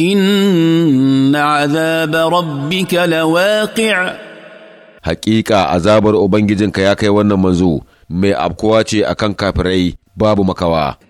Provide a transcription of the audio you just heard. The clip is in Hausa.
إن عذاب ربك لواقع Haƙiƙa, azabar ubangijinka ya kai wannan manzo mai abkuwa ce akan kafirai babu makawa